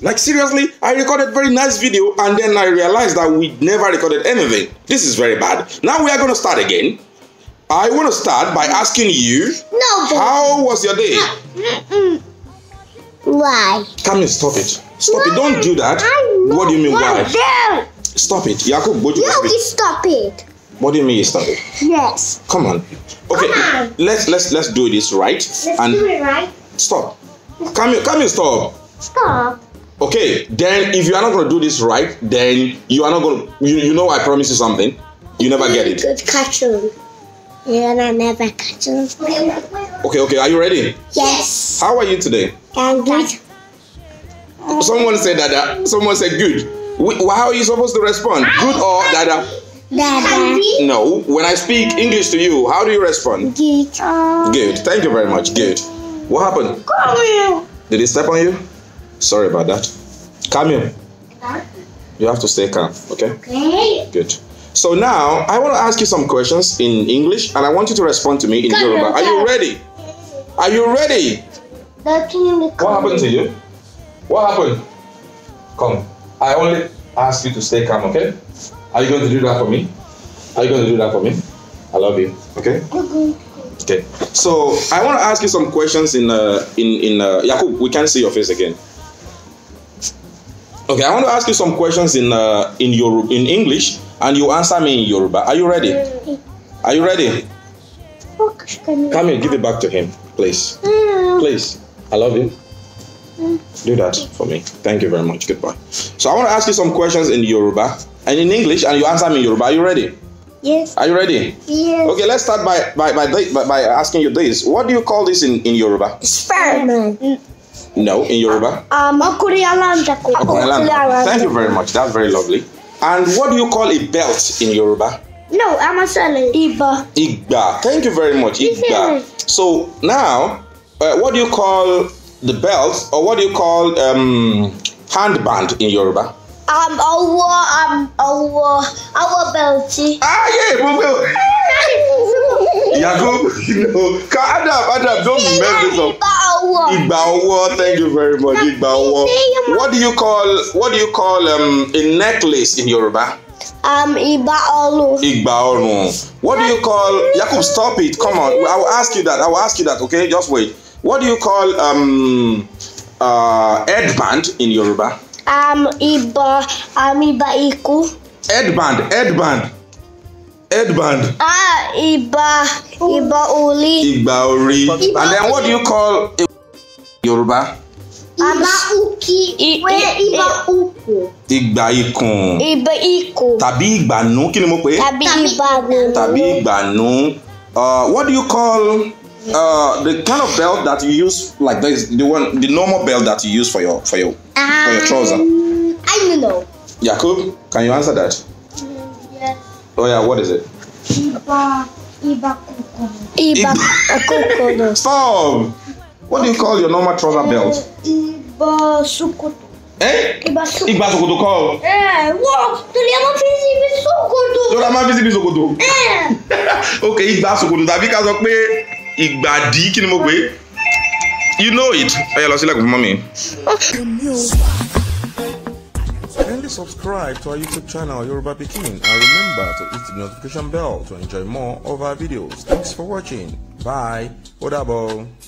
Like seriously, I recorded very nice video and then I realized that we never recorded anything. This is very bad. Now we are going to start again. I want to start by asking you. No. How was your day? Why? Come here, stop it. Stop why? it. Don't do that. What do you mean why? why? Stop it. Yakub, go to No, you stop it. What do you mean you stop it? Yes. Come on. Okay. Come on. Let's let's let's do this right. Let's and do it right. Stop. Come here. Come here. Stop. Stop. Okay, then if you are not going to do this right, then you are not going to. You, you know, I promise you something. You never get it. Good cartoon. And I never catch them. Okay, okay. Are you ready? Yes. How are you today? I'm good. Someone said Dada. Someone said good. How are you supposed to respond? Good or Dada? Dada. No. When I speak English to you, how do you respond? Good. Good. Thank you very much. Good. What happened? Did he step on you? Sorry about that. Come here. you have to stay calm, okay? Okay. Good. So now, I want to ask you some questions in English and I want you to respond to me in Yoruba. Are you ready? Are you ready? What happened to you? What happened? Come. I only ask you to stay calm, okay? Are you going to do that for me? Are you going to do that for me? I love you, okay? Okay. So I want to ask you some questions in uh, in in uh, Yakub. We can't see your face again. Okay, I want to ask you some questions in uh, in your in English, and you answer me in Yoruba. Are you ready? Are you ready? Come here, give it back to him, please. Mm. Please, I love you. Mm. Do that for me. Thank you very much. Goodbye. So I want to ask you some questions in Yoruba and in English, and you answer me in Yoruba. Are you ready? Yes. Are you ready? Yes. Okay, let's start by by by, by, by asking you this. What do you call this in in Yoruba? Sperm. No, in Yoruba? Um, Thank you very much. That's very lovely. And what do you call a belt in Yoruba? No, I'm a selling. Iba. Igba. Thank you very much, Igba. So now, uh, what do you call the belt or what do you call um, handband in Yoruba? Um, our um, belt. Ah yeah, Ayé gbogbo. Ìyàgò, you know, Adam, Adam, don't mess this up. ọwọ́. Ìgbà ọwọ́ thank you very much ìgbà ọwọ́. What do you call what do you call um, a necklace in Yoruba? Um, ìgbà ọrùn. Ìgbà ọrùn. What do you call Yakub stop it come on I will ask you that I will ask you that okay just wait. What do you call um, uh, headband in Yoruba? Um, ìbọn um, ìbọn ikú. Headband headband headband. Ah, ìgbà ìgbà orí. Ìgbà orí. And then what do you call a Yorùbá. Ìgbà uki ìwé ìgbà uku. Ìgbà ikùn. Ìgbà ikùn. Tàbí ìgbànú kí ni mo pè é? Tàbí ìgbànú. Tàbí ìgbànú. Uh, what do you call uh, the kind of belt that you use like this? The one, the normal belt that you use for your for your um, for your um, trouser. I don't know. Yakub, can you answer that? yes. Oh yeah, what is it? Iba, iba kukono. Iba kukono. Stop. What do you call your normal trouser eh, belt? Ìbà ṣòkòtò. Eh? Ìbà ṣòkòtò. call. Eh? kọ́ o. Ẹ eh, wọ́n torí a máa fi sí ibi ṣòkòtò. Torí a máa fi sí ibi ṣòkòtò. Eh. Ok ìgbà ṣòkòtò tàbí ká sọ pé ìgbàdí kí ni mo pè é? You know it. Ẹ yà lọ sílẹ̀ kò fún mọ́ Kindly subscribe to our YouTube channel Yoruba Pikin and remember to hit the notification bell to enjoy more of our videos. Thanks for watching. Bye. Ó